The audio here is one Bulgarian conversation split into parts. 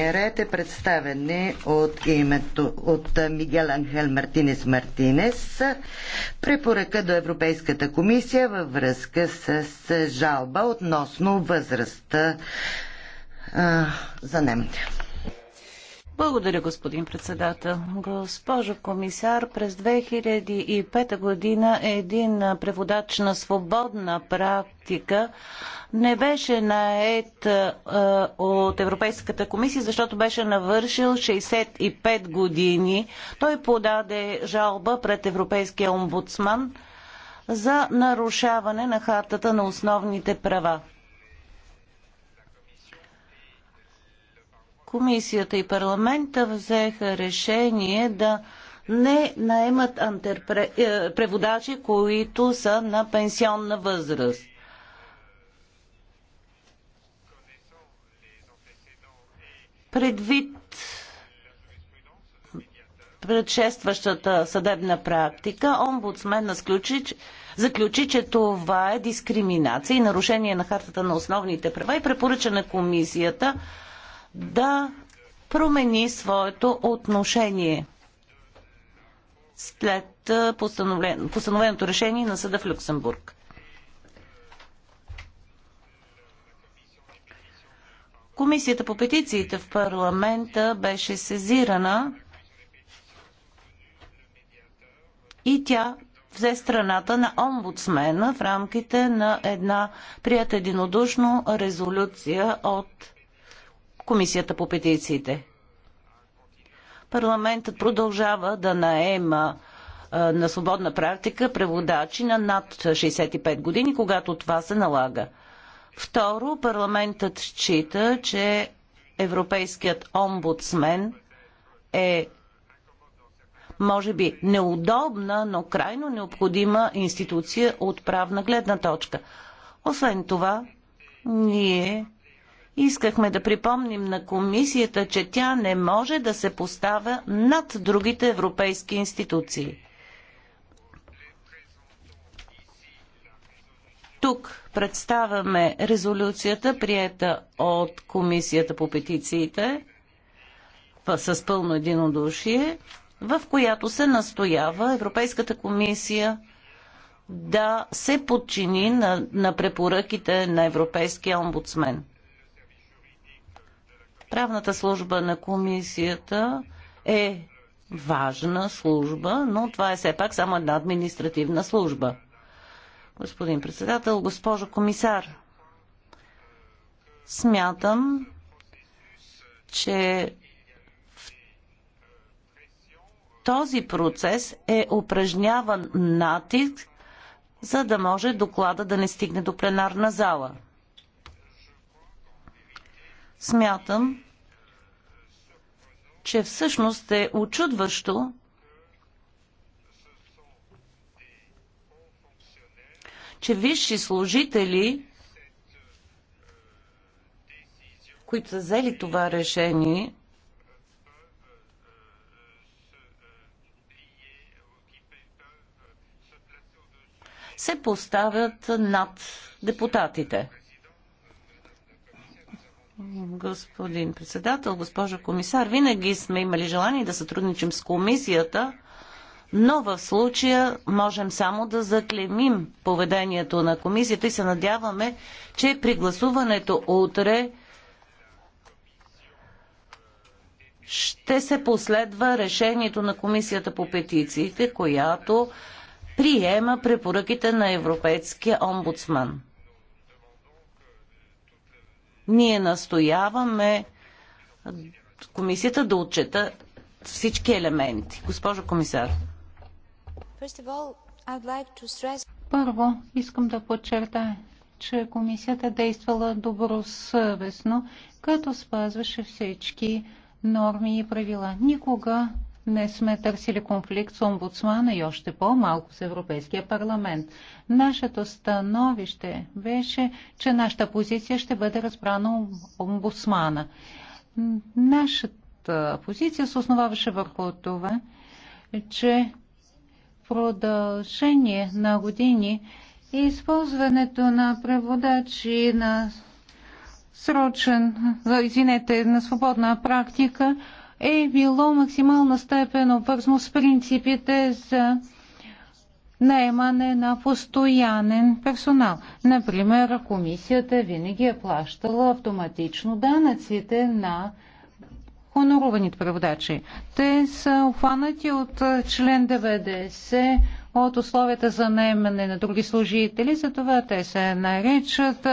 ред е представени е от името от Мигел Анхел Мартинес Мартинес препоръка до Европейската комисия във връзка с жалба относно възрастта а, за немите. Благодаря, господин председател. Госпожо комисар, през 2005 година един преводач на свободна практика не беше наед от Европейската комисия, защото беше навършил 65 години. Той подаде жалба пред Европейския омбудсман за нарушаване на хартата на основните права. Комисията и парламента взеха решение да не наемат антерпре... Е, преводачи, които са на пенсионна възраст. Предвид предшестващата съдебна практика, омбудсмен сключи, заключи, че това е дискриминация и нарушение на хартата на основните права и препоръча на комисията да промени своето отношение след постановлен... постановеното решение на съда в Люксембург. Комисията по петициите в парламента беше сезирана и тя взе страната на омбудсмена в рамките на една прията единодушно резолюция от Комисията по петициите. Парламентът продължава да наема на свободна практика преводачи на над 65 години, когато това се налага. Второ, парламентът счита, че Европейският омбудсмен е може би неудобна, но крайно необходима институция от правна гледна точка. Освен това, ние Искахме да припомним на комисията, че тя не може да се поставя над другите европейски институции. Тук представяме резолюцията, приета от Комисията по петициите с пълно единодушие, в която се настоява Европейската комисия да се подчини на, на препоръките на Европейския омбудсмен. Правната служба на комисията е важна служба, но това е все пак само една административна служба. Господин председател, госпожо комисар, смятам, че в този процес е упражняван натиск, за да може доклада да не стигне до пленарна зала. Смятам, че всъщност е очудващо, че висши служители, които са взели това решение, се поставят над депутатите. Господин председател, госпожа комисар, винаги сме имали желание да сътрудничим с комисията, но в случая можем само да заклемим поведението на комисията и се надяваме, че при гласуването утре ще се последва решението на комисията по петициите, която приема препоръките на Европейския омбудсман. Ние настояваме комисията да отчета всички елементи. Госпожо комисар. Първо, искам да подчертая, че комисията действала добросъвестно, като спазваше всички норми и правила. Никога не сме търсили конфликт с омбудсмана и още по-малко с Европейския парламент. Нашето становище беше, че нашата позиция ще бъде разбрана омбудсмана. Нашата позиция се основаваше върху това, че в продължение на години използването на преводачи на срочен, извинете, на свободна практика – е било максимална степен обвързано с принципите за наемане на постоянен персонал. Например, комисията винаги е плащала автоматично данъците на хонорованите преводачи. Те са обхванати от член 90 от условията за наемане на други служители, затова те се наричат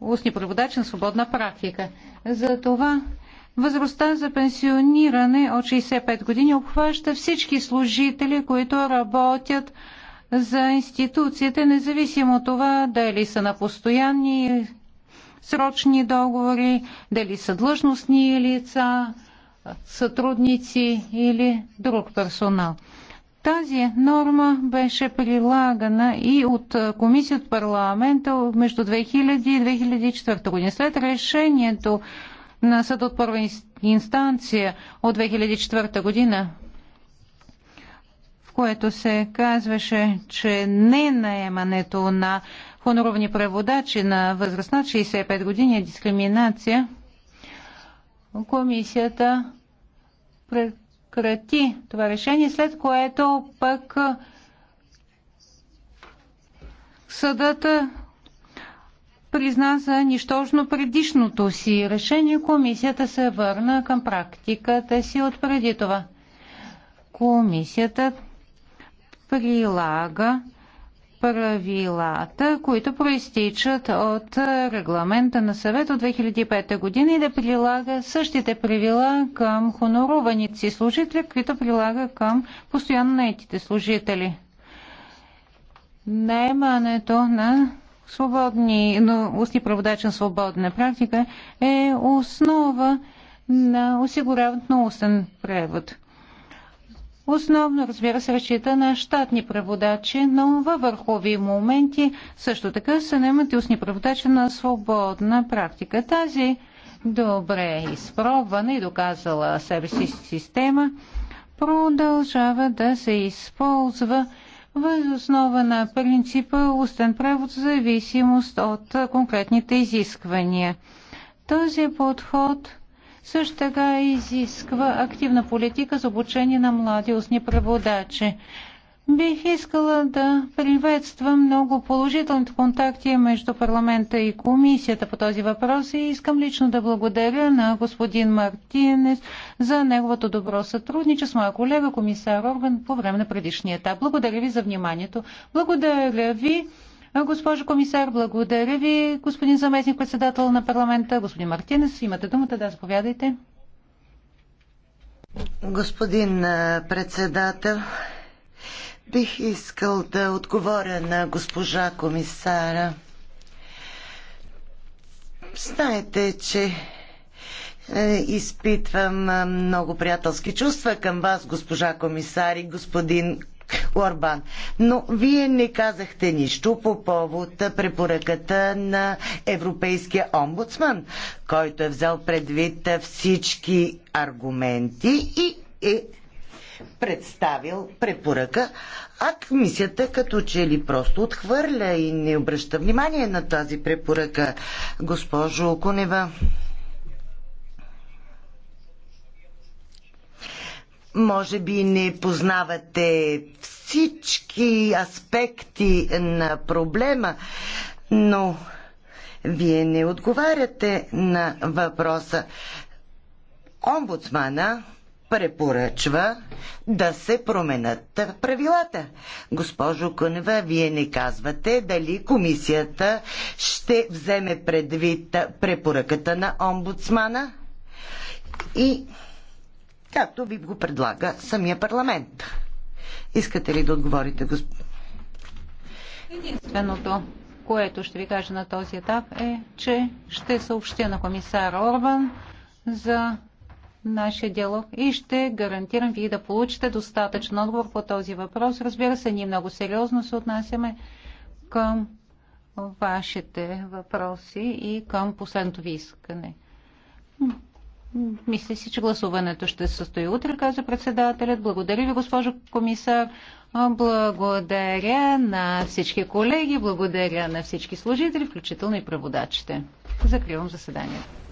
устни преводачи на свободна практика. Затова Възрастта за пенсиониране от 65 години обхваща всички служители, които работят за институциите, независимо от това дали са на постоянни срочни договори, дали са длъжностни лица, сътрудници или друг персонал. Тази норма беше прилагана и от комисия от парламента между 2000 и 2004 година. След решението на съд от първа инстанция от 2004 година, в което се казваше, че не наемането на хоноровни преводачи на възраст на 65 години е дискриминация, комисията прекрати това решение, след което пък съдът призна за нищожно предишното си решение, комисията се върна към практиката си от преди това. Комисията прилага правилата, които проистичат от регламента на съвет от 2005 година и да прилага същите правила към хонорованици си служители, които прилага към постоянно наетите служители. Наймането на свободни, но устни преводач на свободна практика е основа на осигуряването на устен превод. Основно, разбира се, разчита на щатни преводачи, но във върхови моменти също така се наемат и устни преводачи на свободна практика. Тази добре изпробвана и доказала себе си система продължава да се използва въз основа на принципа устен превод в зависимост от конкретните изисквания. Този подход също така изисква активна политика за обучение на млади устни преводачи. Бих искала да приветствам много положителните контакти между парламента и комисията по този въпрос и искам лично да благодаря на господин Мартинес за неговото добро сътрудничество с моя колега комисар Орган по време на предишния етап. Благодаря ви за вниманието. Благодаря ви. Госпожо комисар, благодаря ви. Господин заместник председател на парламента, господин Мартинес, имате думата да заповядайте. Господин председател, Бих искал да отговоря на госпожа комисара. Знаете, че е, изпитвам е, много приятелски чувства към вас, госпожа комисар и господин Орбан. Но вие не казахте нищо по повод препоръката на Европейския омбудсман, който е взел предвид всички аргументи и е представил препоръка, а комисията като че ли просто отхвърля и не обръща внимание на тази препоръка, госпожо Кунева. Може би не познавате всички аспекти на проблема, но вие не отговаряте на въпроса. Омбудсмана препоръчва да се променят правилата. Госпожо Кънева, вие не казвате дали комисията ще вземе предвид препоръката на омбудсмана и както ви го предлага самия парламент. Искате ли да отговорите, господин? Единственото, което ще ви кажа на този етап е, че ще съобщя на комисар Орбан за нашия диалог и ще гарантирам ви да получите достатъчен отговор по този въпрос. Разбира се, ние много сериозно се отнасяме към вашите въпроси и към последното ви искане. Мисля си, че гласуването ще се състои утре, каза председателят. Благодаря ви, госпожо комисар. Благодаря на всички колеги, благодаря на всички служители, включително и преводачите. Закривам заседанието.